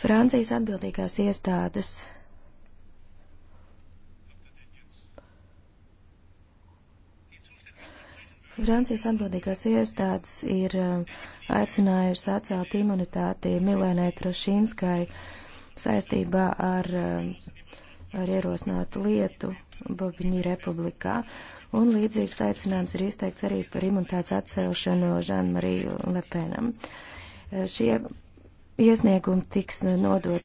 Francijas atbildīgās iestādes Francijas atbildīgās iestādes ir um, aicinājuši atcelt imunitāti Milēnai Trošīnskai saistībā ar, um, ar ierosinātu lietu Bobiņī republikā. Un līdzīgs aicinājums ir izteikts arī par imunitātes atcelšanu Žanmariju Lepenam. Šie iesniegumi tiks nodot